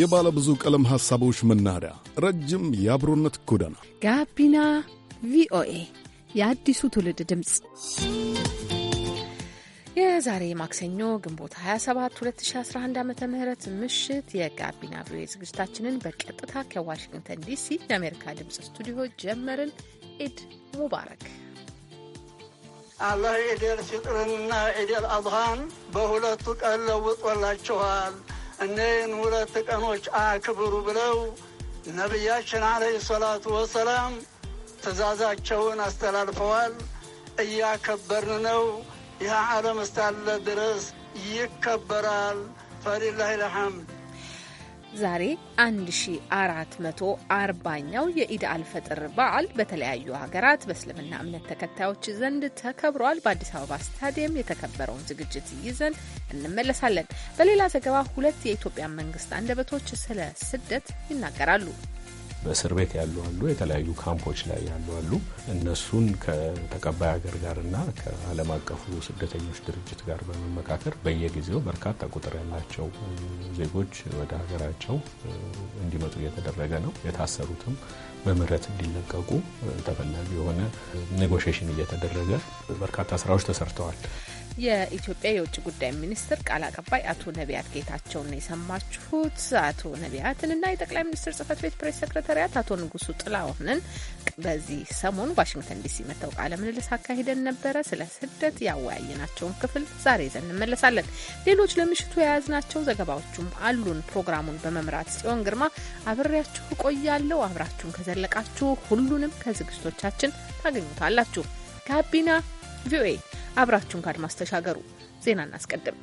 የባለ ብዙ ቀለም ሐሳቦች መናኸሪያ፣ ረጅም የአብሮነት ጎዳና፣ ጋቢና ቪኦኤ የአዲሱ ትውልድ ድምፅ። የዛሬ ማክሰኞ ግንቦት 27 2011 ዓ ም ምሽት የጋቢና ቪኦኤ ዝግጅታችንን በቀጥታ ከዋሽንግተን ዲሲ የአሜሪካ ድምፅ ስቱዲዮ ጀመርን። ኢድ ሙባረክ። አላህ ኢዴል ፊጥርንና ኤደል አድሃን በሁለቱ ቀን ለውጦላችኋል። እነህን ሁለት ቀኖች አክብሩ ብለው ነቢያችን አለይ ሰላቱ ወሰላም ትእዛዛቸውን አስተላልፈዋል። እያከበርን ነው። ይህ ዓለም እስካለ ድረስ ይከበራል። ፈሊላሂ ልሐምድ ዛሬ 1440ኛው የኢድ አልፈጥር በዓል በተለያዩ ሀገራት በእስልምና እምነት ተከታዮች ዘንድ ተከብሯል። በአዲስ አበባ ስታዲየም የተከበረውን ዝግጅት ይዘን እንመለሳለን። በሌላ ዘገባ ሁለት የኢትዮጵያ መንግስት አንደበቶች ስለ ስደት ይናገራሉ። በእስር ቤት ያሉ አሉ፣ የተለያዩ ካምፖች ላይ ያሉ አሉ። እነሱን ከተቀባይ ሀገር ጋርና ከዓለም አቀፉ ስደተኞች ድርጅት ጋር በመመካከር በየጊዜው በርካታ ቁጥር ያላቸው ዜጎች ወደ ሀገራቸው እንዲመጡ እየተደረገ ነው። የታሰሩትም በምህረት እንዲለቀቁ ተፈላጊ የሆነ ኔጎሽሽን እየተደረገ በርካታ ስራዎች ተሰርተዋል። የኢትዮጵያ የውጭ ጉዳይ ሚኒስትር ቃል አቀባይ አቶ ነቢያት ጌታቸውን የሰማችሁት። አቶ ነቢያትንና የጠቅላይ ሚኒስትር ጽህፈት ቤት ፕሬስ ሰክረታሪያት አቶ ንጉሱ ጥላሁንን በዚህ ሰሞን ዋሽንግተን ዲሲ መጥተው ቃለ ምልልስ አካሂደን ነበረ። ስለ ስደት ያወያየናቸውን ክፍል ዛሬ ይዘን እንመለሳለን። ሌሎች ለምሽቱ የያዝናቸው ዘገባዎቹም አሉን። ፕሮግራሙን በመምራት ጽዮን ግርማ አብሬያችሁ ቆያለው አብራችሁን ከዘለቃችሁ ሁሉንም ከዝግጅቶቻችን ታገኙታላችሁ። ጋቢና ቪኦኤ አብራችሁን ካድማስ ተሻገሩ። ዜና እናስቀድም።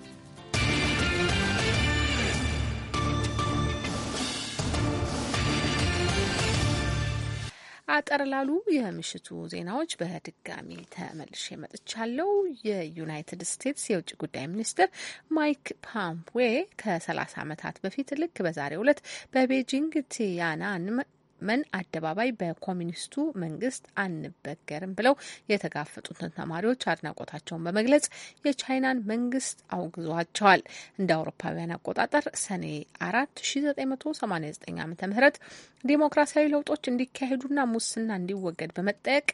አጠር ላሉ የምሽቱ ዜናዎች በድጋሚ ተመልሼ መጥቻለሁ። የዩናይትድ ስቴትስ የውጭ ጉዳይ ሚኒስትር ማይክ ፖምፔዮ ከ30 ዓመታት በፊት ልክ በዛሬው ዕለት በቤጂንግ ቲያናን ምን አደባባይ በኮሚኒስቱ መንግስት አንበገርም ብለው የተጋፈጡትን ተማሪዎች አድናቆታቸውን በመግለጽ የቻይናን መንግስት አውግዟቸዋል። እንደ አውሮፓውያን አቆጣጠር ሰኔ አራት 1989 ዓ ም ዲሞክራሲያዊ ለውጦች እንዲካሄዱና ሙስና እንዲወገድ በመጠየቅ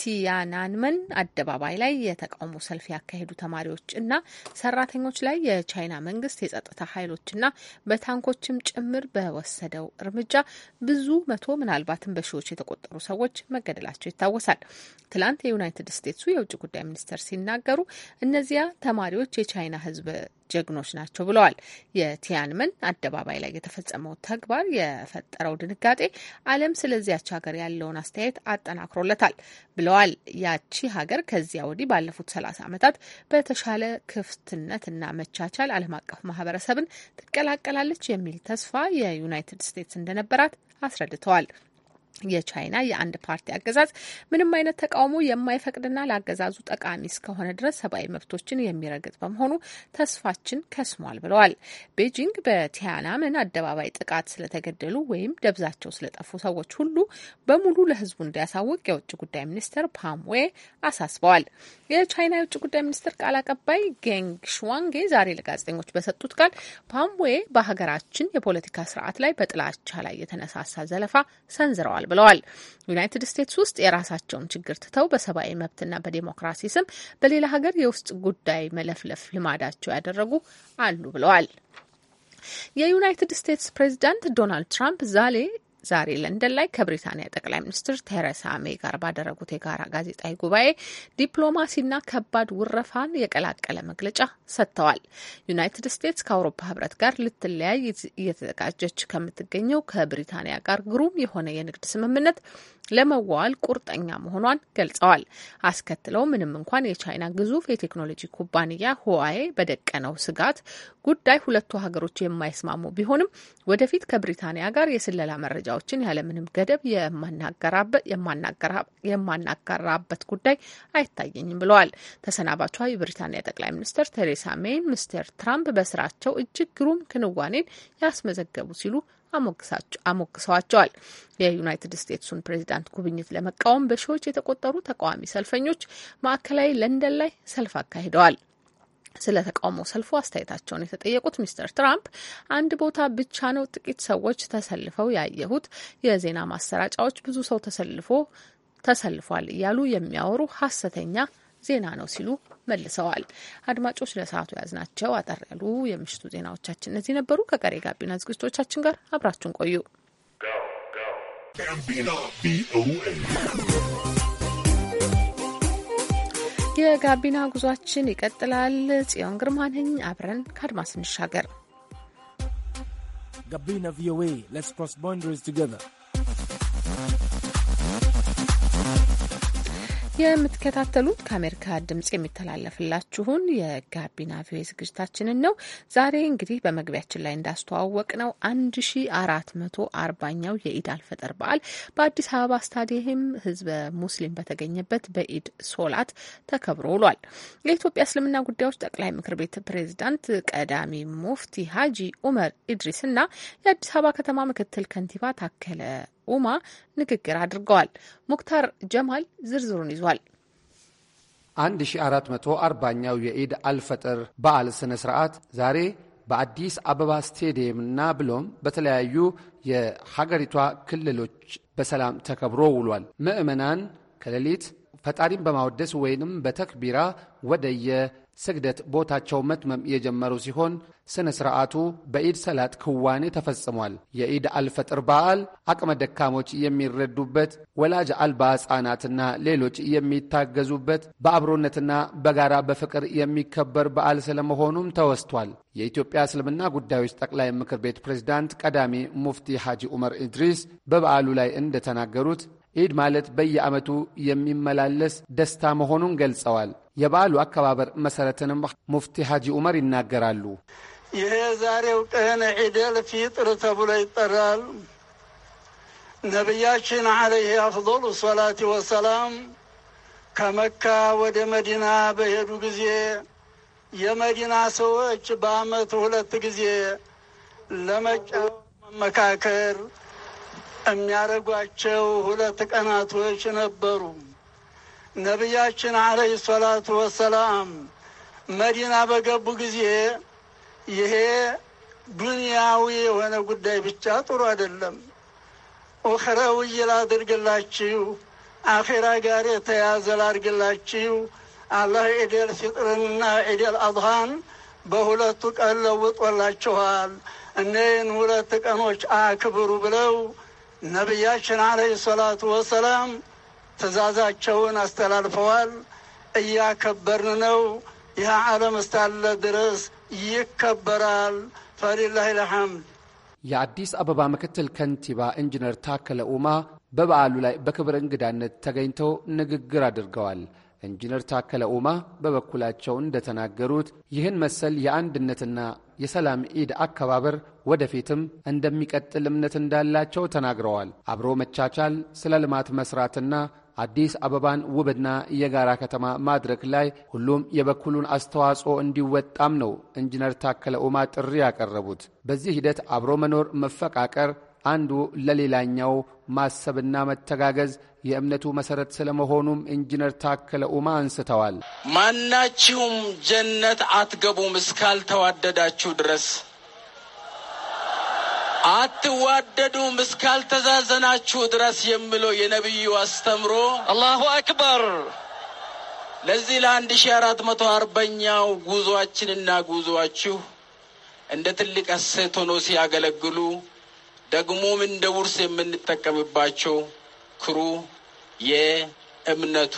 ቲያናንመን አደባባይ ላይ የተቃውሞ ሰልፍ ያካሄዱ ተማሪዎች እና ሰራተኞች ላይ የቻይና መንግስት የጸጥታ ኃይሎችና በታንኮችም ጭምር በወሰደው እርምጃ ብዙ መቶ ምናልባትም በሺዎች የተቆጠሩ ሰዎች መገደላቸው ይታወሳል። ትላንት የዩናይትድ ስቴትሱ የውጭ ጉዳይ ሚኒስተር ሲናገሩ እነዚያ ተማሪዎች የቻይና ህዝብ ጀግኖች ናቸው ብለዋል። የቲያንመን አደባባይ ላይ የተፈጸመው ተግባር የፈጠረው ድንጋጤ ዓለም ስለዚያች ሀገር ያለውን አስተያየት አጠናክሮለታል ብለዋል። ያቺ ሀገር ከዚያ ወዲህ ባለፉት ሰላሳ ዓመታት በተሻለ ክፍትነትና መቻቻል ዓለም አቀፍ ማህበረሰብን ትቀላቀላለች የሚል ተስፋ የዩናይትድ ስቴትስ እንደነበራት አስረድተዋል። የቻይና የአንድ ፓርቲ አገዛዝ ምንም አይነት ተቃውሞ የማይፈቅድና ለአገዛዙ ጠቃሚ እስከሆነ ድረስ ሰብአዊ መብቶችን የሚረግጥ በመሆኑ ተስፋችን ከስሟል ብለዋል። ቤጂንግ በቲያናምን አደባባይ ጥቃት ስለተገደሉ ወይም ደብዛቸው ስለጠፉ ሰዎች ሁሉ በሙሉ ለሕዝቡ እንዲያሳውቅ የውጭ ጉዳይ ሚኒስትር ፓምዌ አሳስበዋል። የቻይና የውጭ ጉዳይ ሚኒስትር ቃል አቀባይ ጌንግ ሽዋንጌ ዛሬ ለጋዜጠኞች በሰጡት ቃል ፓምዌ በሀገራችን የፖለቲካ ስርዓት ላይ በጥላቻ ላይ የተነሳሳ ዘለፋ ሰንዝረዋል ብለዋል። ዩናይትድ ስቴትስ ውስጥ የራሳቸውን ችግር ትተው በሰብአዊ መብትና በዲሞክራሲ ስም በሌላ ሀገር የውስጥ ጉዳይ መለፍለፍ ልማዳቸው ያደረጉ አሉ ብለዋል። የዩናይትድ ስቴትስ ፕሬዚዳንት ዶናልድ ትራምፕ ዛሬ ዛሬ ለንደን ላይ ከብሪታንያ ጠቅላይ ሚኒስትር ቴሬሳ ሜይ ጋር ባደረጉት የጋራ ጋዜጣዊ ጉባኤ ዲፕሎማሲና ከባድ ውረፋን የቀላቀለ መግለጫ ሰጥተዋል። ዩናይትድ ስቴትስ ከአውሮፓ ህብረት ጋር ልትለያይ እየተዘጋጀች ከምትገኘው ከብሪታንያ ጋር ግሩም የሆነ የንግድ ስምምነት ለመዋዋል ቁርጠኛ መሆኗን ገልጸዋል። አስከትለው ምንም እንኳን የቻይና ግዙፍ የቴክኖሎጂ ኩባንያ ህዋዌ በደቀነው ስጋት ጉዳይ ሁለቱ ሀገሮች የማይስማሙ ቢሆንም ወደፊት ከብሪታንያ ጋር የስለላ መረጃዎችን ያለምንም ገደብ የማናጋራበት ጉዳይ አይታየኝም ብለዋል። ተሰናባቿ የብሪታንያ ጠቅላይ ሚኒስትር ቴሬሳ ሜይ ሚስተር ትራምፕ በስራቸው እጅግ ግሩም ክንዋኔን ያስመዘገቡ ሲሉ አሞግሰዋቸዋል። የዩናይትድ ስቴትሱን ፕሬዚዳንት ጉብኝት ለመቃወም በሺዎች የተቆጠሩ ተቃዋሚ ሰልፈኞች ማዕከላዊ ለንደን ላይ ሰልፍ አካሂደዋል። ስለ ተቃውሞ ሰልፉ አስተያየታቸውን የተጠየቁት ሚስተር ትራምፕ አንድ ቦታ ብቻ ነው ጥቂት ሰዎች ተሰልፈው ያየሁት። የዜና ማሰራጫዎች ብዙ ሰው ተሰልፎ ተሰልፏል እያሉ የሚያወሩ ሀሰተኛ ዜና ነው ሲሉ መልሰዋል። አድማጮች ለሰዓቱ ያዝናቸው አጠር ያሉ የምሽቱ ዜናዎቻችን እነዚህ ነበሩ። ከቀሪ ጋቢና ዝግጅቶቻችን ጋር አብራችሁን ቆዩ። የጋቢና ጉዟችን ይቀጥላል። ጽዮን ግርማ ነኝ። አብረን ከአድማስ እንሻገር። ጋቢና ቪኦኤ ሌትስ ክሮስ ቦንደሪስ ቱጌዘር የምትከታተሉት ከአሜሪካ ድምጽ የሚተላለፍላችሁን የጋቢና ቪ ዝግጅታችንን ነው። ዛሬ እንግዲህ በመግቢያችን ላይ እንዳስተዋወቅ ነው አንድ ሺ አራት መቶ አርባኛው የኢድ አልፈጠር በዓል በአዲስ አበባ ስታዲየም ህዝበ ሙስሊም በተገኘበት በኢድ ሶላት ተከብሮ ውሏል። የኢትዮጵያ እስልምና ጉዳዮች ጠቅላይ ምክር ቤት ፕሬዚዳንት ቀዳሚ ሙፍቲ ሀጂ ኡመር ኢድሪስ እና የአዲስ አበባ ከተማ ምክትል ከንቲባ ታከለ ኡማ ንግግር አድርገዋል። ሙክታር ጀማል ዝርዝሩን ይዟል። 1440ኛው የኢድ አልፈጥር በዓል ስነ ስርዓት ዛሬ በአዲስ አበባ ስቴዲየምና ብሎም በተለያዩ የሀገሪቷ ክልሎች በሰላም ተከብሮ ውሏል። ምዕመናን ከሌሊት ፈጣሪን በማወደስ ወይንም በተክቢራ ወደየ ስግደት ቦታቸው መትመም የጀመሩ ሲሆን ስነ ሥርዓቱ በኢድ ሰላት ክዋኔ ተፈጽሟል። የኢድ አልፈጥር በዓል አቅመ ደካሞች የሚረዱበት፣ ወላጅ አልባ ሕፃናትና ሌሎች የሚታገዙበት፣ በአብሮነትና በጋራ በፍቅር የሚከበር በዓል ስለመሆኑም ተወስቷል። የኢትዮጵያ እስልምና ጉዳዮች ጠቅላይ ምክር ቤት ፕሬዝዳንት ቀዳሚ ሙፍቲ ሐጂ ዑመር ኢድሪስ በበዓሉ ላይ እንደተናገሩት ኢድ ማለት በየዓመቱ የሚመላለስ ደስታ መሆኑን ገልጸዋል። የበዓሉ አከባበር መሠረትንም ሙፍቲ ሐጂ ዑመር ይናገራሉ። ይሄ ዛሬው ቀን ዒደል ፊጥር ተብሎ ይጠራል። ነቢያችን ዓለይህ አፍሉ ሰላት ወሰላም ከመካ ወደ መዲና በሄዱ ጊዜ የመዲና ሰዎች በዓመት ሁለት ጊዜ ለመጫ መመካከር የሚያደርጓቸው ሁለት ቀናቶች ነበሩ። ነቢያችን አለይሂ ሰላቱ ወሰላም መዲና በገቡ ጊዜ ይሄ ዱንያዊ የሆነ ጉዳይ ብቻ ጥሩ አይደለም፣ ኡኽረዊ ላድርግላችሁ፣ አኼራ ጋር የተያዘ ላድርግላችሁ። አላህ ኢዴል ፊጥርንና ኢደል አድሃን በሁለቱ ቀን ለውጦላችኋል። እነን ሁለት ቀኖች አክብሩ ብለው ነቢያችን አለህ ሰላቱ ወሰላም ትእዛዛቸውን አስተላልፈዋል። እያከበርን ነው። ይህ ዓለም እስካለ ድረስ ይከበራል። ፈሊላህ ልሐምድ። የአዲስ አበባ ምክትል ከንቲባ ኢንጂነር ታከለ ኡማ በበዓሉ ላይ በክብር እንግዳነት ተገኝተው ንግግር አድርገዋል። ኢንጂነር ታከለ ኡማ በበኩላቸው እንደተናገሩት ይህን መሰል የአንድነትና የሰላም ኢድ አከባበር ወደፊትም እንደሚቀጥል እምነት እንዳላቸው ተናግረዋል። አብሮ መቻቻል፣ ስለ ልማት መስራትና አዲስ አበባን ውብና የጋራ ከተማ ማድረግ ላይ ሁሉም የበኩሉን አስተዋጽኦ እንዲወጣም ነው ኢንጂነር ታከለ ኡማ ጥሪ ያቀረቡት። በዚህ ሂደት አብሮ መኖር፣ መፈቃቀር፣ አንዱ ለሌላኛው ማሰብና መተጋገዝ የእምነቱ መሰረት ስለመሆኑም ኢንጂነር ታከለ ኡማ አንስተዋል። ማናችሁም ጀነት አትገቡም እስካልተዋደዳችሁ ድረስ አትዋደዱም እስካልተዛዘናችሁ ድረስ የሚለው የነቢዩ አስተምሮ አላሁ አክበር። ለዚህ ለአንድ ሺ አራት መቶ አርበኛው ጉዞአችንና ጉዞአችሁ እንደ ትልቅ እሴት ሆኖ ሲያገለግሉ ደግሞም እንደ ውርስ የምንጠቀምባቸው ክሩ የእምነቱ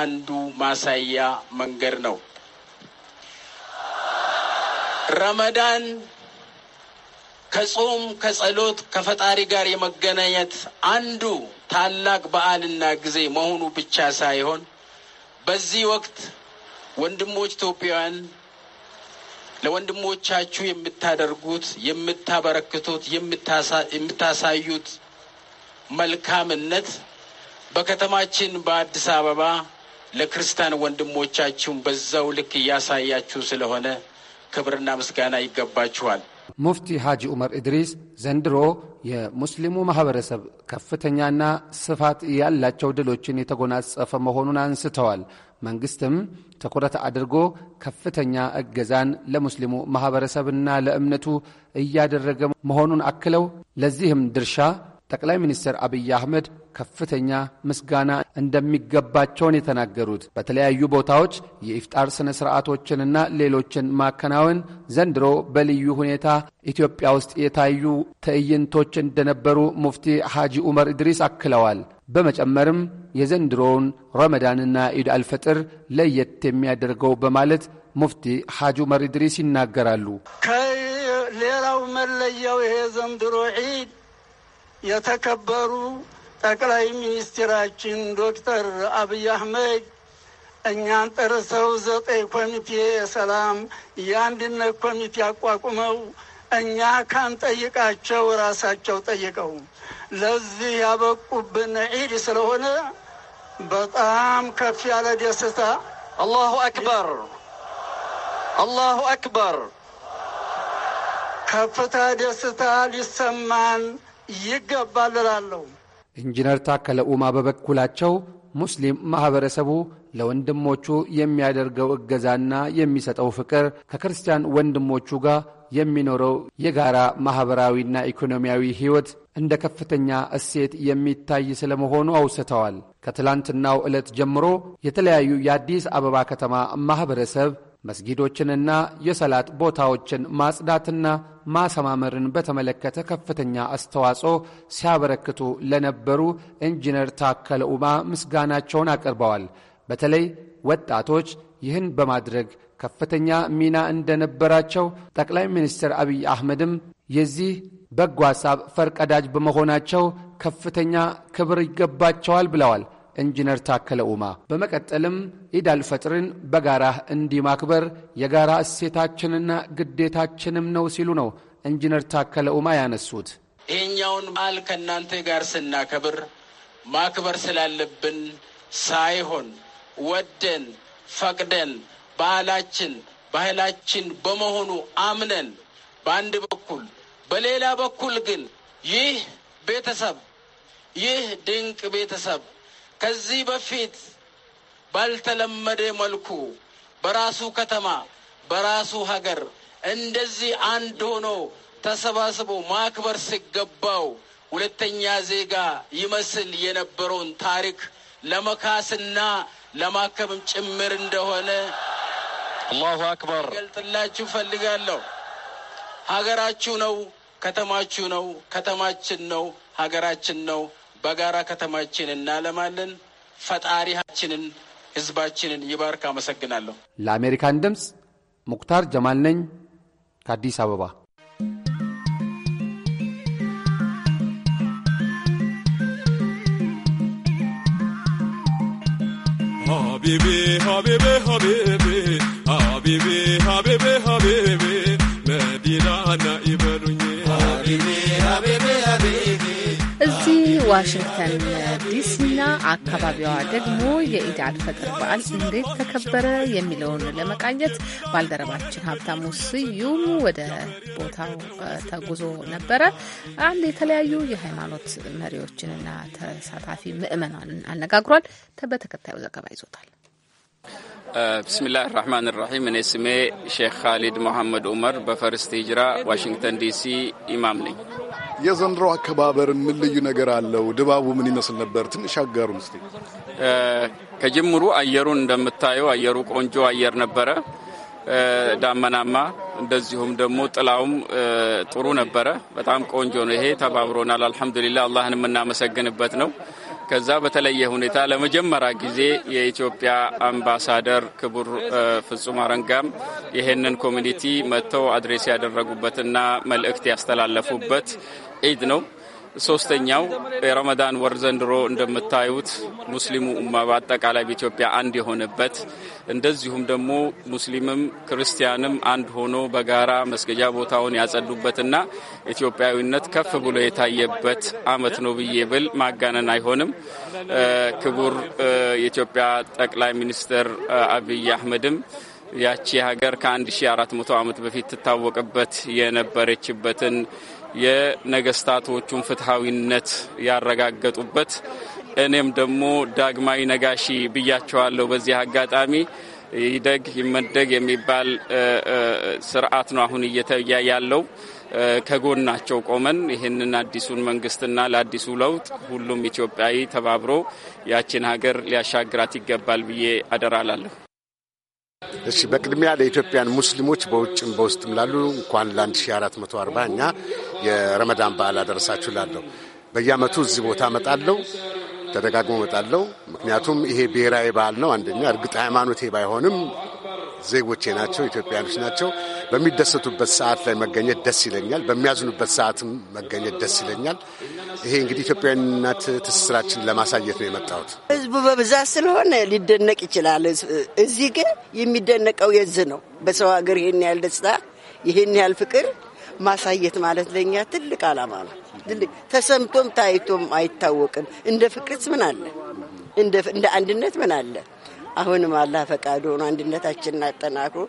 አንዱ ማሳያ መንገድ ነው። ረመዳን ከጾም ከጸሎት ከፈጣሪ ጋር የመገናኘት አንዱ ታላቅ በዓልና ጊዜ መሆኑ ብቻ ሳይሆን በዚህ ወቅት ወንድሞች ኢትዮጵያውያን ለወንድሞቻችሁ የምታደርጉት የምታበረክቱት የምታሳዩት መልካምነት በከተማችን በአዲስ አበባ ለክርስቲያን ወንድሞቻችሁን በዛው ልክ እያሳያችሁ ስለሆነ ክብርና ምስጋና ይገባችኋል። ሙፍቲ ሐጂ ዑመር ኢድሪስ ዘንድሮ የሙስሊሙ ማህበረሰብ ከፍተኛና ስፋት ያላቸው ድሎችን የተጎናጸፈ መሆኑን አንስተዋል። መንግስትም ትኩረት አድርጎ ከፍተኛ እገዛን ለሙስሊሙ ማህበረሰብና ለእምነቱ እያደረገ መሆኑን አክለው ለዚህም ድርሻ ጠቅላይ ሚኒስትር አብይ አህመድ ከፍተኛ ምስጋና እንደሚገባቸውን የተናገሩት በተለያዩ ቦታዎች የኢፍጣር ስነ ስርዓቶችንና ሌሎችን ማከናወን ዘንድሮ በልዩ ሁኔታ ኢትዮጵያ ውስጥ የታዩ ትዕይንቶች እንደነበሩ ሙፍቲ ሐጂ ዑመር ኢድሪስ አክለዋል። በመጨመርም የዘንድሮውን ረመዳንና ኢድ አልፈጥር ለየት የሚያደርገው በማለት ሙፍቲ ሐጂ ዑመር ኢድሪስ ይናገራሉ። ከሌላው መለያው ይሄ ዘንድሮ ዒድ የተከበሩ ጠቅላይ ሚኒስትራችን ዶክተር አብይ አህመድ እኛን ጠርሰው ዘጠኝ ኮሚቴ የሰላም የአንድነት ኮሚቴ አቋቁመው እኛ ካንጠይቃቸው ራሳቸው ጠይቀው ለዚህ ያበቁብን ዒድ ስለሆነ በጣም ከፍ ያለ ደስታ። አላሁ አክበር አላሁ አክበር፣ ከፍታ ደስታ ሊሰማን ይገባል እላለሁ። ኢንጂነር ታከለ ኡማ በበኩላቸው ሙስሊም ማኅበረሰቡ ለወንድሞቹ የሚያደርገው እገዛና የሚሰጠው ፍቅር ከክርስቲያን ወንድሞቹ ጋር የሚኖረው የጋራ ማኅበራዊና ኢኮኖሚያዊ ሕይወት እንደ ከፍተኛ እሴት የሚታይ ስለ መሆኑ አውስተዋል። ከትላንትናው ዕለት ጀምሮ የተለያዩ የአዲስ አበባ ከተማ ማኅበረሰብ መስጊዶችንና የሰላት ቦታዎችን ማጽዳትና ማሰማመርን በተመለከተ ከፍተኛ አስተዋጽኦ ሲያበረክቱ ለነበሩ ኢንጂነር ታከለ ኡማ ምስጋናቸውን አቅርበዋል። በተለይ ወጣቶች ይህን በማድረግ ከፍተኛ ሚና እንደነበራቸው ጠቅላይ ሚኒስትር አብይ አህመድም የዚህ በጎ ሐሳብ ፈርቀዳጅ በመሆናቸው ከፍተኛ ክብር ይገባቸዋል ብለዋል። ኢንጂነር ታከለ ኡማ። በመቀጠልም ኢድ አልፈጥርን በጋራ እንዲማክበር የጋራ እሴታችንና ግዴታችንም ነው ሲሉ ነው ኢንጂነር ታከለ ኡማ ያነሱት። ይህኛውን በዓል ከእናንተ ጋር ስናከብር ማክበር ስላለብን ሳይሆን ወደን ፈቅደን ባህላችን ባህላችን በመሆኑ አምነን በአንድ በኩል በሌላ በኩል ግን ይህ ቤተሰብ ይህ ድንቅ ቤተሰብ ከዚህ በፊት ባልተለመደ መልኩ በራሱ ከተማ በራሱ ሀገር እንደዚህ አንድ ሆኖ ተሰባስቦ ማክበር ሲገባው ሁለተኛ ዜጋ ይመስል የነበረውን ታሪክ ለመካስና ለማከብም ጭምር እንደሆነ አላሁ አክበር ገልጥላችሁ ፈልጋለሁ። ሀገራችሁ ነው፣ ከተማችሁ ነው፣ ከተማችን ነው፣ ሀገራችን ነው። በጋራ ከተማችን እናለማለን። ፈጣሪያችንን ህዝባችንን ይባርክ። አመሰግናለሁ። ለአሜሪካን ድምፅ ሙክታር ጀማል ነኝ ከአዲስ አበባ። ሀቢቢ ሀቢቢ ሀቢቢ ሀቢቢ ሀቢቢ ሀቢቢ በዋሽንግተን ዲሲና አካባቢዋ ደግሞ የኢድ አልፈጥር በዓል እንዴት ተከበረ የሚለውን ለመቃኘት ባልደረባችን ሀብታሙ ስዩም ወደ ቦታው ተጉዞ ነበረ። አንድ የተለያዩ የሃይማኖት መሪዎችንና ተሳታፊ ምዕመናንን አነጋግሯል። በተከታዩ ዘገባ ይዞታል። ብስሚላህ ራህማን ራሒም። እኔ ስሜ ሼክ ካሊድ መሐመድ ዑመር በፈርስት ሂጅራ ዋሽንግተን ዲሲ ኢማም ነኝ። የዘንድሮ አከባበር ምን ልዩ ነገር አለው? ድባቡ ምን ይመስል ነበር? ትንሽ አጋሩን እስቲ። uh, ከጅምሩ አየሩን እንደምታየው አየሩ ቆንጆ አየር ነበረ፣ uh, ዳመናማ፣ እንደዚሁም ደግሞ ጥላውም uh, ጥሩ ነበረ። በጣም ቆንጆ ነው። ይሄ ተባብሮናል። አልሐምዱሊላህ አላህን የምናመሰግንበት ነው። ከዛ በተለየ ሁኔታ ለመጀመሪያ ጊዜ የኢትዮጵያ አምባሳደር ክቡር ፍጹም አረንጋም ይህንን ኮሚኒቲ መጥተው አድሬስ ያደረጉበትና መልእክት ያስተላለፉበት ኢድ ነው። ሶስተኛው የረመዳን ወር ዘንድሮ እንደምታዩት ሙስሊሙ ኡማ በአጠቃላይ በኢትዮጵያ አንድ የሆነበት እንደዚሁም ደግሞ ሙስሊምም ክርስቲያንም አንድ ሆኖ በጋራ መስገጃ ቦታውን ያጸዱበትና ኢትዮጵያዊነት ከፍ ብሎ የታየበት አመት ነው ብዬ ብል ማጋነን አይሆንም። ክቡር የኢትዮጵያ ጠቅላይ ሚኒስትር አብይ አህመድም ያቺ ሀገር ከ1400 ዓመት በፊት ትታወቅበት የነበረችበትን የነገስታቶቹን ፍትሐዊነት ያረጋገጡበት እኔም ደግሞ ዳግማዊ ነጋሺ ብያቸዋለሁ። በዚህ አጋጣሚ ይደግ ይመደግ የሚባል ስርዓት ነው አሁን እየተያ ያለው። ከጎናቸው ቆመን ይህንን አዲሱን መንግስትና ለአዲሱ ለውጥ ሁሉም ኢትዮጵያዊ ተባብሮ ያችን ሀገር ሊያሻግራት ይገባል ብዬ አደራላለሁ። እሺ በቅድሚያ ለኢትዮጵያን ሙስሊሞች በውጭም በውስጥም ላሉ እንኳን ለ1440ኛ የረመዳን በዓል አደረሳችሁ ላለሁ። እዚህ ቦታ እመጣለሁ፣ ተደጋግሞ እመጣለሁ። ምክንያቱም ይሄ ብሔራዊ በዓል ነው። አንደኛ እርግጥ ሃይማኖቴ ባይሆንም ዜጎቼ ናቸው፣ ኢትዮጵያኖች ናቸው። በሚደሰቱበት ሰዓት ላይ መገኘት ደስ ይለኛል። በሚያዝኑበት ሰዓትም መገኘት ደስ ይለኛል። ይሄ እንግዲህ ኢትዮጵያዊነት ትስስራችን ለማሳየት ነው የመጣሁት። ህዝቡ በብዛት ስለሆነ ሊደነቅ ይችላል። እዚህ ግን የሚደነቀው የዝ ነው። በሰው ሀገር ይሄን ያህል ደስታ፣ ይሄን ያህል ፍቅር ማሳየት ማለት ለእኛ ትልቅ ዓላማ ነው። ተሰምቶም ታይቶም አይታወቅም። እንደ ፍቅርስ ምን አለ? እንደ አንድነት ምን አለ? አሁንም አላህ ፈቃዱ ሆኖ አንድነታችንን አጠናክሮ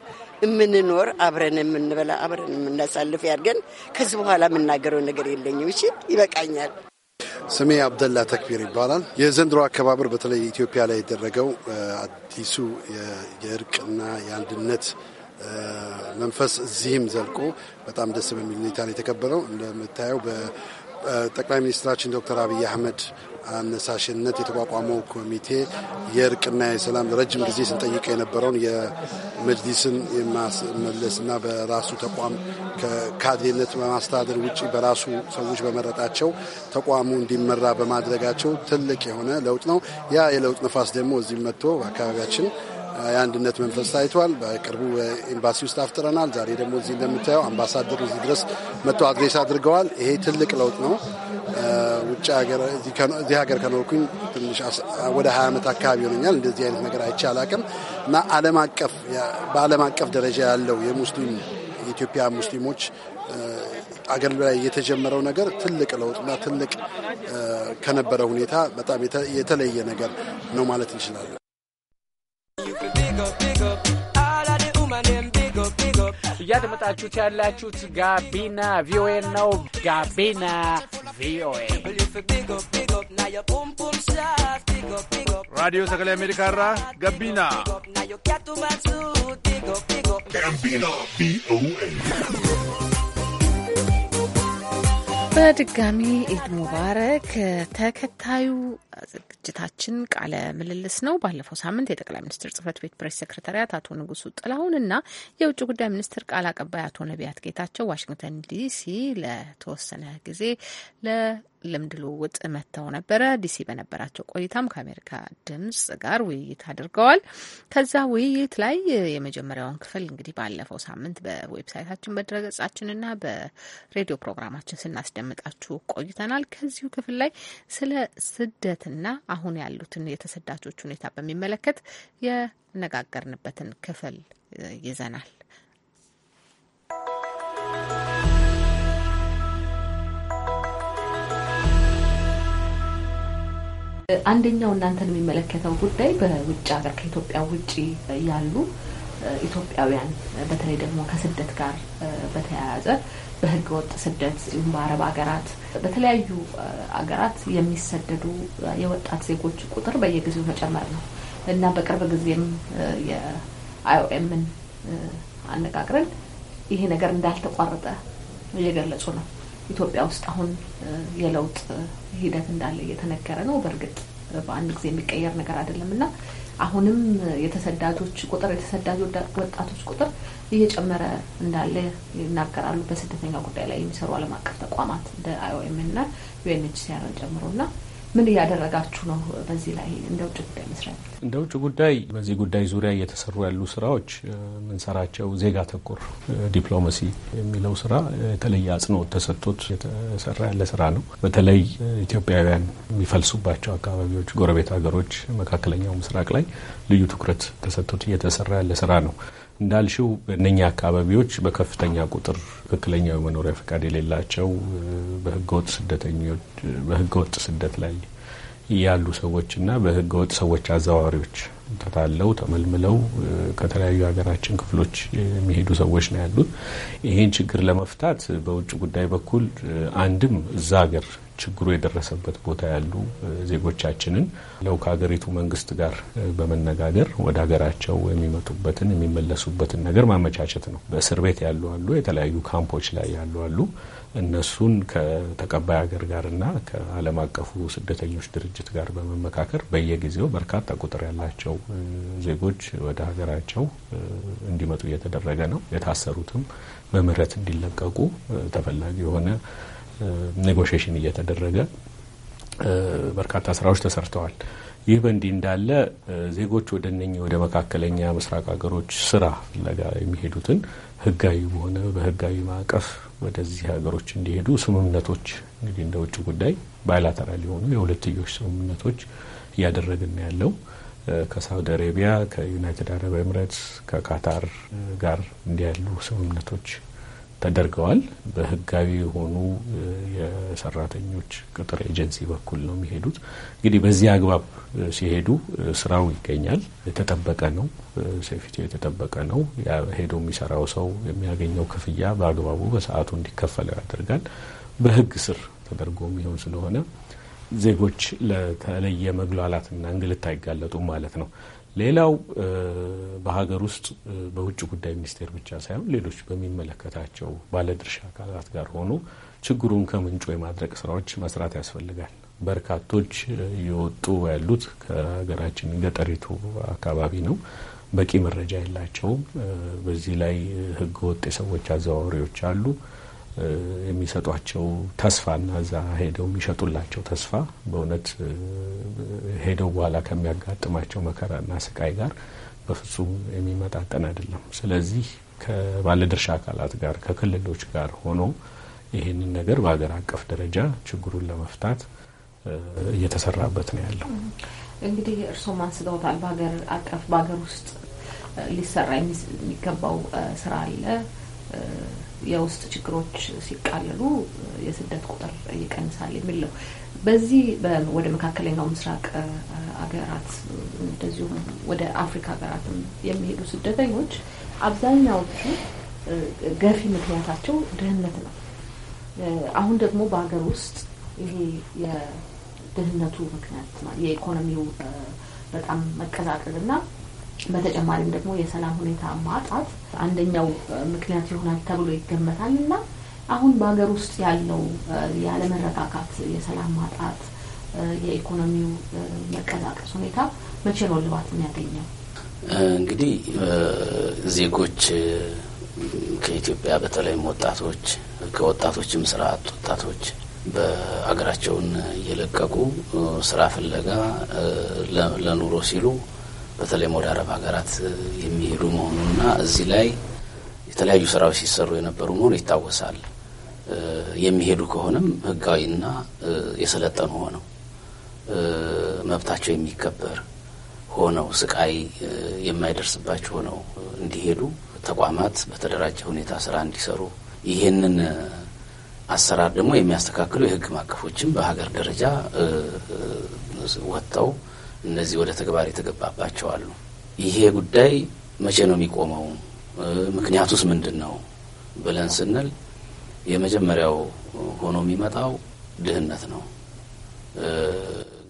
የምንኖር አብረን የምንበላ አብረን የምናሳልፍ ያድርገን። ከዚህ በኋላ የምናገረው ነገር የለኝም። እሺ ይበቃኛል። ስሜ አብደላ ተክቢር ይባላል። የዘንድሮ አከባበር በተለይ ኢትዮጵያ ላይ የደረገው አዲሱ የእርቅና የአንድነት መንፈስ እዚህም ዘልቆ በጣም ደስ በሚል ሁኔታ ነው የተከበረው። እንደምታየው በጠቅላይ ሚኒስትራችን ዶክተር አብይ አህመድ አነሳሽነት የተቋቋመው ኮሚቴ የእርቅና የሰላም ረጅም ጊዜ ስንጠይቀ የነበረውን የመጅሊስን የማስመለስና በራሱ ተቋም ከካድሬነት በማስተዳደር ውጭ በራሱ ሰዎች በመረጣቸው ተቋሙ እንዲመራ በማድረጋቸው ትልቅ የሆነ ለውጥ ነው። ያ የለውጥ ነፋስ ደግሞ እዚህ መጥቶ በአካባቢያችን የአንድነት መንፈስ ታይቷል። በቅርቡ ኤምባሲ ውስጥ አፍጥረናል። ዛሬ ደግሞ እዚህ እንደምታየው አምባሳደሩ እዚህ ድረስ መጥቶ አድሬስ አድርገዋል። ይሄ ትልቅ ለውጥ ነው። ውጭ ሀገር እዚህ ሀገር ከኖርኩኝ ትንሽ ወደ ሀያ ዓመት አካባቢ ይሆነኛል። እንደዚህ አይነት ነገር አይቼ አላቅም እና ዓለም አቀፍ በዓለም አቀፍ ደረጃ ያለው የሙስሊም የኢትዮጵያ ሙስሊሞች አገር ላይ የተጀመረው ነገር ትልቅ ለውጥና ትልቅ ከነበረ ሁኔታ በጣም የተለየ ነገር ነው ማለት እንችላለን። እያደመጣችሁት ያላችሁት ጋቢና ቪኦኤ ነው። ጋቢና ቪኦኤ ራዲዮ ሰገሌ አሜሪካ ራ ጋቢና በድጋሚ ኢድ ሙባረክ። ተከታዩ ዝግጅታችን ቃለ ምልልስ ነው። ባለፈው ሳምንት የጠቅላይ ሚኒስትር ጽህፈት ቤት ፕሬስ ሴክሬታሪያት አቶ ንጉሱ ጥላሁን እና የውጭ ጉዳይ ሚኒስትር ቃል አቀባይ አቶ ነቢያት ጌታቸው ዋሽንግተን ዲሲ ለተወሰነ ጊዜ ለልምድ ልውውጥ መጥተው ነበረ። ዲሲ በነበራቸው ቆይታም ከአሜሪካ ድምጽ ጋር ውይይት አድርገዋል። ከዛ ውይይት ላይ የመጀመሪያውን ክፍል እንግዲህ ባለፈው ሳምንት በዌብሳይታችን በድረገጻችንና በሬዲዮ ፕሮግራማችን ስናስደምጣችሁ ቆይተናል። ከዚሁ ክፍል ላይ ስለ ስደት ሁኔታና አሁን ያሉትን የተሰዳጆች ሁኔታ በሚመለከት የነጋገርንበትን ክፍል ይዘናል። አንደኛው እናንተን የሚመለከተው ጉዳይ በውጭ ሀገር ከኢትዮጵያ ውጭ ያሉ ኢትዮጵያውያን በተለይ ደግሞ ከስደት ጋር በተያያዘ በህገ ወጥ ስደት በአረብ ሀገራት፣ በተለያዩ ሀገራት የሚሰደዱ የወጣት ዜጎች ቁጥር በየጊዜው መጨመር ነው እና በቅርብ ጊዜም የአይኦኤምን አነጋግረን ይሄ ነገር እንዳልተቋረጠ እየገለጹ ነው። ኢትዮጵያ ውስጥ አሁን የለውጥ ሂደት እንዳለ እየተነገረ ነው። በእርግጥ በአንድ ጊዜ የሚቀየር ነገር አይደለም እና አሁንም የተሰዳቶች ቁጥር የተሰዳጅ ወጣቶች ቁጥር እየጨመረ እንዳለ ይናገራሉ። በስደተኛ ጉዳይ ላይ የሚሰሩ ዓለም አቀፍ ተቋማት እንደ አይኦኤም እና ዩኤንኤችሲአርን ጨምሮና ምን እያደረጋችሁ ነው? በዚህ ላይ እንደ ውጭ ጉዳይ መስሪያ ቤት እንደ ውጭ ጉዳይ በዚህ ጉዳይ ዙሪያ እየተሰሩ ያሉ ስራዎች የምንሰራቸው ዜጋ ተኮር ዲፕሎማሲ የሚለው ስራ የተለየ አጽንኦት ተሰጥቶት የተሰራ ያለ ስራ ነው። በተለይ ኢትዮጵያውያን የሚፈልሱባቸው አካባቢዎች፣ ጎረቤት ሀገሮች፣ መካከለኛው ምስራቅ ላይ ልዩ ትኩረት ተሰጥቶት እየተሰራ ያለ ስራ ነው። እንዳልሽው እነኛ አካባቢዎች በከፍተኛ ቁጥር ትክክለኛ የመኖሪያ ፈቃድ የሌላቸው በህገወጥ ስደተኞች በህገወጥ ስደት ላይ ያሉ ሰዎችና በህገወጥ ሰዎች አዘዋዋሪዎች ተታለው ተመልምለው ከተለያዩ ሀገራችን ክፍሎች የሚሄዱ ሰዎች ነው ያሉት። ይህን ችግር ለመፍታት በውጭ ጉዳይ በኩል አንድም እዛ ሀገር ችግሩ የደረሰበት ቦታ ያሉ ዜጎቻችንን ለው ከሀገሪቱ መንግስት ጋር በመነጋገር ወደ ሀገራቸው የሚመጡበትን የሚመለሱበትን ነገር ማመቻቸት ነው። በእስር ቤት ያሉ አሉ፣ የተለያዩ ካምፖች ላይ ያሉ አሉ። እነሱን ከተቀባይ ሀገር ጋርና ከዓለም አቀፉ ስደተኞች ድርጅት ጋር በመመካከር በየጊዜው በርካታ ቁጥር ያላቸው ዜጎች ወደ ሀገራቸው እንዲመጡ እየተደረገ ነው። የታሰሩትም በምህረት እንዲለቀቁ ተፈላጊ የሆነ ኔጎሽሽን እየተደረገ በርካታ ስራዎች ተሰርተዋል። ይህ በእንዲህ እንዳለ ዜጎች ወደ እነኚህ ወደ መካከለኛ ምስራቅ ሀገሮች ስራ ፍለጋ የሚሄዱትን ህጋዊ በሆነ በህጋዊ ማዕቀፍ ወደዚህ ሀገሮች እንዲሄዱ ስምምነቶች እንግዲህ እንደ ውጭ ጉዳይ ባይላተራል የሆኑ የሁለትዮሽ ስምምነቶች እያደረግን ያለው ከሳውዲ አረቢያ፣ ከዩናይትድ አረብ ኤምሬትስ፣ ከካታር ጋር እንዲያሉ ስምምነቶች ተደርገዋል። በህጋዊ የሆኑ የሰራተኞች ቅጥር ኤጀንሲ በኩል ነው የሚሄዱት። እንግዲህ በዚህ አግባብ ሲሄዱ ስራው ይገኛል፣ የተጠበቀ ነው፣ ሴፍቲ የተጠበቀ ነው። ሄዶ የሚሰራው ሰው የሚያገኘው ክፍያ በአግባቡ በሰዓቱ እንዲከፈለው ያደርጋል። በህግ ስር ተደርጎ የሚሆን ስለሆነ ዜጎች ለተለየ መግላላትና እንግልት አይጋለጡም ማለት ነው። ሌላው በሀገር ውስጥ በውጭ ጉዳይ ሚኒስቴር ብቻ ሳይሆን ሌሎች በሚመለከታቸው ባለድርሻ አካላት ጋር ሆኖ ችግሩን ከምንጩ የማድረቅ ስራዎች መስራት ያስፈልጋል። በርካቶች የወጡ ያሉት ከሀገራችን ገጠሪቱ አካባቢ ነው። በቂ መረጃ የላቸውም። በዚህ ላይ ህገወጥ የሰዎች አዘዋዋሪዎች አሉ። የሚሰጧቸው ተስፋና እዛ ሄደው የሚሸጡላቸው ተስፋ በእውነት ሄደው በኋላ ከሚያጋጥማቸው መከራና ስቃይ ጋር በፍጹም የሚመጣጠን አይደለም። ስለዚህ ከባለድርሻ አካላት ጋር ከክልሎች ጋር ሆኖ ይህንን ነገር በሀገር አቀፍ ደረጃ ችግሩን ለመፍታት እየተሰራበት ነው ያለው። እንግዲህ እርስዎም አንስተውታል። በሀገር አቀፍ በሀገር ውስጥ ሊሰራ የሚገባው ስራ አለ የውስጥ ችግሮች ሲቃለሉ የስደት ቁጥር ይቀንሳል የሚል ነው። በዚህ ወደ መካከለኛው ምስራቅ አገራት እንደዚሁም ወደ አፍሪካ ሀገራትም የሚሄዱ ስደተኞች አብዛኛዎቹ ገፊ ምክንያታቸው ድህነት ነው። አሁን ደግሞ በሀገር ውስጥ ይሄ የድህነቱ ምክንያት የኢኮኖሚው በጣም መቀዛቀዝ እና በተጨማሪም ደግሞ የሰላም ሁኔታ ማጣት አንደኛው ምክንያት ይሆናል ተብሎ ይገመታል እና አሁን በሀገር ውስጥ ያለው ያለመረጋጋት፣ የሰላም ማጣት፣ የኢኮኖሚው መቀዛቀስ ሁኔታ መቼ ነው ልባት የሚያገኘው? እንግዲህ ዜጎች ከኢትዮጵያ በተለይም ወጣቶች ከወጣቶችም ስርዓት ወጣቶች በሀገራቸውን እየለቀቁ ስራ ፍለጋ ለኑሮ ሲሉ በተለይም ወደ አረብ ሀገራት የሚሄዱ መሆኑና እዚህ ላይ የተለያዩ ስራዎች ሲሰሩ የነበሩ መሆኑ ይታወሳል። የሚሄዱ ከሆነም ህጋዊና የሰለጠኑ ሆነው መብታቸው የሚከበር ሆነው ስቃይ የማይደርስባቸው ሆነው እንዲሄዱ ተቋማት በተደራጀ ሁኔታ ስራ እንዲሰሩ ይህንን አሰራር ደግሞ የሚያስተካክሉ የህግ ማቀፎችም በሀገር ደረጃ ወጥተው እነዚህ ወደ ተግባር የተገባባቸው አሉ። ይሄ ጉዳይ መቼ ነው የሚቆመው? ምክንያቱስ ምንድን ነው ብለን ስንል የመጀመሪያው ሆኖ የሚመጣው ድህነት ነው።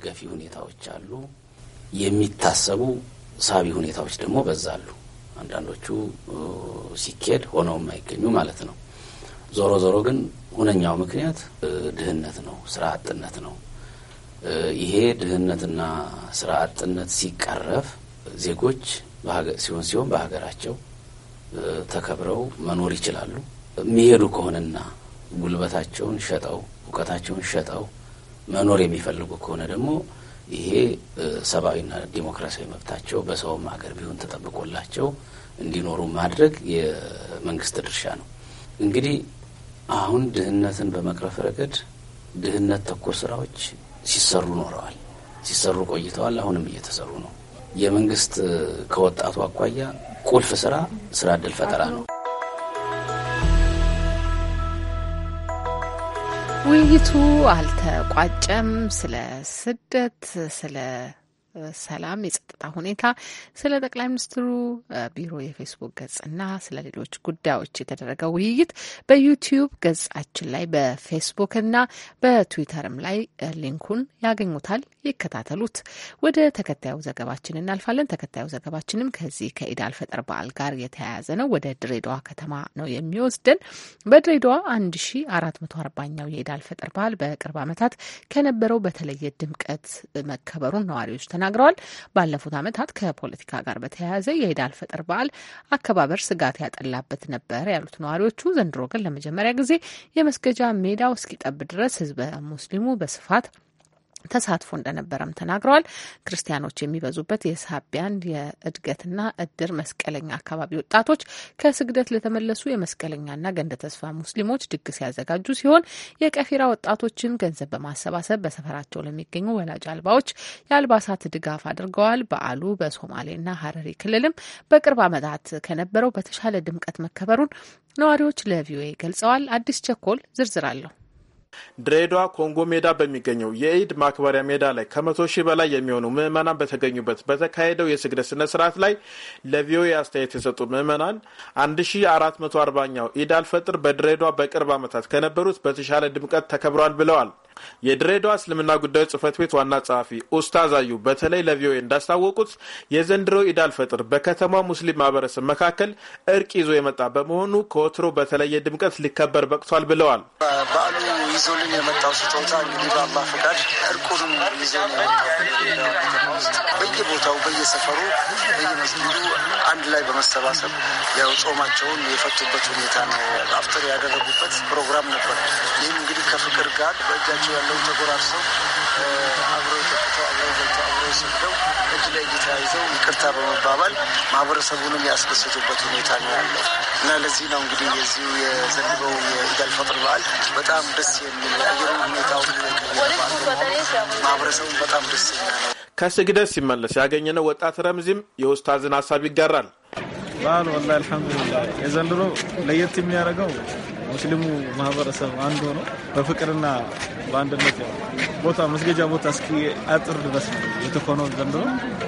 ገፊ ሁኔታዎች አሉ። የሚታሰቡ ሳቢ ሁኔታዎች ደግሞ በዛ አሉ። አንዳንዶቹ ሲኬድ ሆነው የማይገኙ ማለት ነው። ዞሮ ዞሮ ግን ሁነኛው ምክንያት ድህነት ነው፣ ስራ አጥነት ነው። ይሄ ድህነትና ስራ አጥነት ሲቀረፍ ዜጎች ሲሆን ሲሆን በሀገራቸው ተከብረው መኖር ይችላሉ። የሚሄዱ ከሆነና ጉልበታቸውን ሸጠው እውቀታቸውን ሸጠው መኖር የሚፈልጉ ከሆነ ደግሞ ይሄ ሰብአዊና ዲሞክራሲያዊ መብታቸው በሰውም ሀገር ቢሆን ተጠብቆላቸው እንዲኖሩ ማድረግ የመንግስት ድርሻ ነው። እንግዲህ አሁን ድህነትን በመቅረፍ ረገድ ድህነት ተኮር ስራዎች ሲሰሩ ኖረዋል፣ ሲሰሩ ቆይተዋል። አሁንም እየተሰሩ ነው። የመንግስት ከወጣቱ አኳያ ቁልፍ ስራ ስራ እድል ፈጠራ ነው። ውይይቱ አልተቋጨም። ስለ ስደት ስለ ሰላም፣ የጸጥታ ሁኔታ፣ ስለ ጠቅላይ ሚኒስትሩ ቢሮ የፌስቡክ ገጽና ስለ ሌሎች ጉዳዮች የተደረገው ውይይት በዩቲዩብ ገጻችን ላይ በፌስቡክና በትዊተርም ላይ ሊንኩን ያገኙታል። ይከታተሉት። ወደ ተከታዩ ዘገባችን እናልፋለን። ተከታዩ ዘገባችንም ከዚህ ከኢድ አልፈጠር በዓል ጋር የተያያዘ ነው። ወደ ድሬዳዋ ከተማ ነው የሚወስደን። በድሬዳዋ 1440ኛው የኢድ አልፈጠር በዓል በቅርብ ዓመታት ከነበረው በተለየ ድምቀት መከበሩን ነዋሪዎች ተናግረዋል። ተናግረዋል። ባለፉት ዓመታት ከፖለቲካ ጋር በተያያዘ የኢድ ፈጥር በዓል አከባበር ስጋት ያጠላበት ነበር ያሉት ነዋሪዎቹ፣ ዘንድሮ ግን ለመጀመሪያ ጊዜ የመስገጃ ሜዳው እስኪጠብ ድረስ ህዝበ ሙስሊሙ በስፋት ተሳትፎ እንደነበረም ተናግረዋል። ክርስቲያኖች የሚበዙበት የሳቢያን የእድገትና እድር መስቀለኛ አካባቢ ወጣቶች ከስግደት ለተመለሱ የመስቀለኛና ገንደ ተስፋ ሙስሊሞች ድግስ ያዘጋጁ ሲሆን የቀፊራ ወጣቶችን ገንዘብ በማሰባሰብ በሰፈራቸው ለሚገኙ ወላጅ አልባዎች የአልባሳት ድጋፍ አድርገዋል። በዓሉ በሶማሌና ሀረሪ ክልልም በቅርብ ዓመታት ከነበረው በተሻለ ድምቀት መከበሩን ነዋሪዎች ለቪኦኤ ገልጸዋል። አዲስ ቸኮል ዝርዝር አለሁ ድሬዳዋ ኮንጎ ሜዳ በሚገኘው የኢድ ማክበሪያ ሜዳ ላይ ከመቶ ሺህ በላይ የሚሆኑ ምዕመናን በተገኙበት በተካሄደው የስግደት ስነ ስርዓት ላይ ለቪኦኤ አስተያየት የሰጡ ምዕመናን 1440ኛው ኢድ አልፈጥር በድሬዳዋ በቅርብ ዓመታት ከነበሩት በተሻለ ድምቀት ተከብሯል ብለዋል። የድሬዳዋ እስልምና ጉዳዮች ጽህፈት ቤት ዋና ጸሐፊ ኡስታዝ አዩ በተለይ ለቪኦኤ እንዳስታወቁት የዘንድሮ ኢድ አልፈጥር በከተማ ሙስሊም ማህበረሰብ መካከል እርቅ ይዞ የመጣ በመሆኑ ከወትሮ በተለየ ድምቀት ሊከበር በቅቷል ብለዋል። ይዞልን የመጣው ስጦታ እንግዲህ በአባ ፈቃድ እርቁንም ይዞ በየቦታው በየሰፈሩ በየመስጊዱ አንድ ላይ በመሰባሰብ ያው ጾማቸውን የፈቱበት ሁኔታ ነው። አፍጥር ያደረጉበት ፕሮግራም ነበር። ይህም እንግዲህ ከፍቅር ጋር በእጃቸው ያለውን ተጎራርሰው አብረው ተፍተው አብረው ገልተው አብረው ሰግደው እጅ ለእጅ ተያይዘው ይቅርታ በመባባል ማህበረሰቡንም ያስደሰቱበት ሁኔታ ነው ያለው። እና ለዚህ ነው እንግዲህ የዚህ የዘንድሮው የኢዳል ፈጥር በዓል በጣም ደስ የሚል አየሩ ሁኔታው ማህበረሰቡ በጣም ደስ የሚል ነው። ከስግደት ሲመለስ ያገኘነው ወጣት ረምዚም የኡስታዝን ሀሳብ ይጋራል። በዓል ወላሂ አልሐምዱሊላህ የዘንድሮ ለየት የሚያደርገው ሙስሊሙ ማህበረሰብ አንድ ሆኖ በፍቅርና በአንድነት ቦታ መስገጃ ቦታ እስኪ አጥር ድረስ የተኮነው ዘንድሮ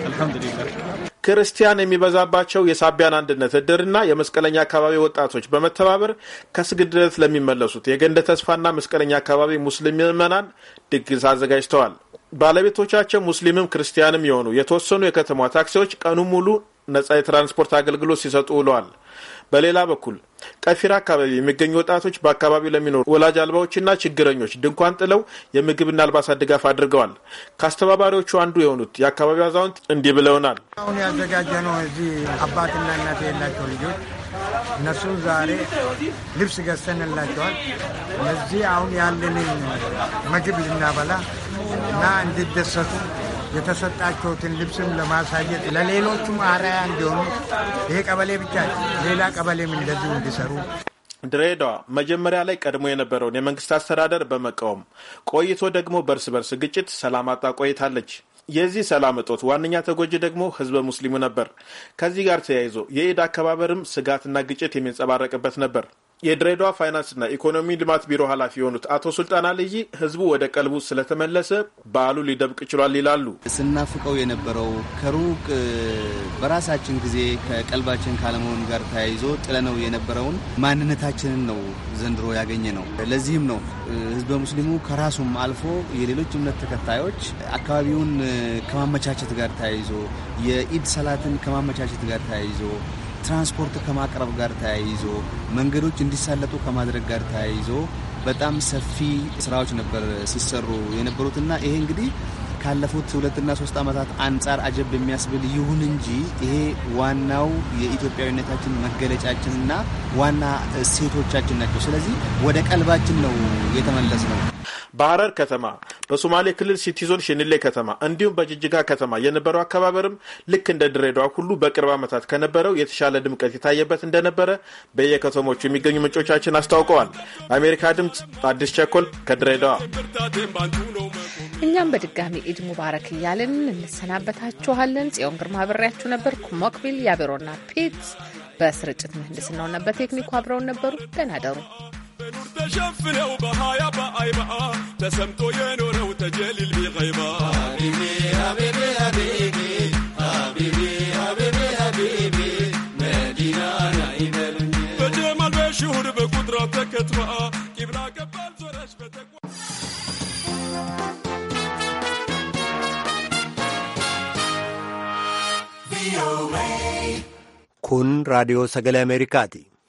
አልሐምዱሊላህ ክርስቲያን የሚበዛባቸው የሳቢያን አንድነት እድርና የመስቀለኛ አካባቢ ወጣቶች በመተባበር ከስግደት ለሚመለሱት የገንደ ተስፋና መስቀለኛ አካባቢ ሙስሊም ምዕመናን ድግስ አዘጋጅተዋል። ባለቤቶቻቸው ሙስሊምም ክርስቲያንም የሆኑ የተወሰኑ የከተማ ታክሲዎች ቀኑ ሙሉ ነጻ የትራንስፖርት አገልግሎት ሲሰጡ ውለዋል። በሌላ በኩል ቀፊራ አካባቢ የሚገኙ ወጣቶች በአካባቢው ለሚኖሩ ወላጅ አልባዎችና ችግረኞች ድንኳን ጥለው የምግብና አልባሳት ድጋፍ አድርገዋል። ከአስተባባሪዎቹ አንዱ የሆኑት የአካባቢው አዛውንት እንዲህ ብለውናል። አሁን ያዘጋጀ ነው እዚህ አባትና እናት የላቸው ልጆች እነሱ ዛሬ ልብስ ገዝተንላቸዋል። እነዚህ አሁን ያለንን ምግብ ልናበላ እና እንዲደሰቱ የተሰጣቸውትን ልብስም ለማሳየት ለሌሎቹም አርአያ እንዲሆኑ ይሄ ቀበሌ ብቻ ሌላ ቀበሌም እንደዚሁ እንዲሰሩ ድሬዳዋ መጀመሪያ ላይ ቀድሞ የነበረውን የመንግስት አስተዳደር በመቃወም ቆይቶ ደግሞ በእርስ በርስ ግጭት ሰላም አጣ ቆይታለች። የዚህ ሰላም እጦት ዋነኛ ተጎጂ ደግሞ ህዝበ ሙስሊሙ ነበር። ከዚህ ጋር ተያይዞ የኢድ አከባበርም ስጋትና ግጭት የሚንጸባረቅበት ነበር። የድሬዳዋ ፋይናንስና ኢኮኖሚ ልማት ቢሮ ኃላፊ የሆኑት አቶ ሱልጣን አልይ ህዝቡ ወደ ቀልቡ ስለተመለሰ በዓሉ ሊደምቅ ችሏል ይላሉ። ስናፍቀው የነበረው ከሩቅ በራሳችን ጊዜ ከቀልባችን ካለመሆን ጋር ተያይዞ ጥለነው የነበረውን ማንነታችንን ነው ዘንድሮ ያገኘ ነው። ለዚህም ነው ህዝበ ሙስሊሙ ከራሱም አልፎ የሌሎች እምነት ተከታዮች አካባቢውን ከማመቻቸት ጋር ተያይዞ የኢድ ሰላትን ከማመቻቸት ጋር ተያይዞ ትራንስፖርት ከማቅረብ ጋር ተያይዞ መንገዶች እንዲሳለጡ ከማድረግ ጋር ተያይዞ በጣም ሰፊ ስራዎች ነበር ሲሰሩ እና ይሄ እንግዲህ ካለፉት ሁለትና ሶስት ዓመታት አንጻር አጀብ የሚያስብል ይሁን እንጂ ይሄ ዋናው የኢትዮጵያዊነታችን መገለጫችንና ዋና እሴቶቻችን ናቸው። ስለዚህ ወደ ቀልባችን ነው የተመለስ ነው። በሐረር ከተማ በሶማሌ ክልል ሲቲ ዞን ሽንሌ ከተማ እንዲሁም በጅጅጋ ከተማ የነበረው አከባበርም ልክ እንደ ድሬዳዋ ሁሉ በቅርብ ዓመታት ከነበረው የተሻለ ድምቀት የታየበት እንደነበረ በየከተሞቹ የሚገኙ ምንጮቻችን አስታውቀዋል። ለአሜሪካ ድምፅ አዲስ ቸኮል ከድሬዳዋ። እኛም በድጋሚ ኢድ ሙባረክ እያልን እንሰናበታችኋለን። ጽዮን ግርማ አብሬያችሁ ነበርኩ። ሞክቢል ያበሮና ፒት በስርጭት ምህንድስናውና በቴክኒኩ አብረውን ነበሩ። ደህና ደሩ። ሸፍነው በሃያ በአይባአ ተሰምቶ የኖረው ተጀሊል ቢቀይባ በጀማል በሽሁድ በቁድራት ተከትባ ቂብላ ገባል ዞረች በተቋ Kun raadiyoo sagalee Ameerikaati.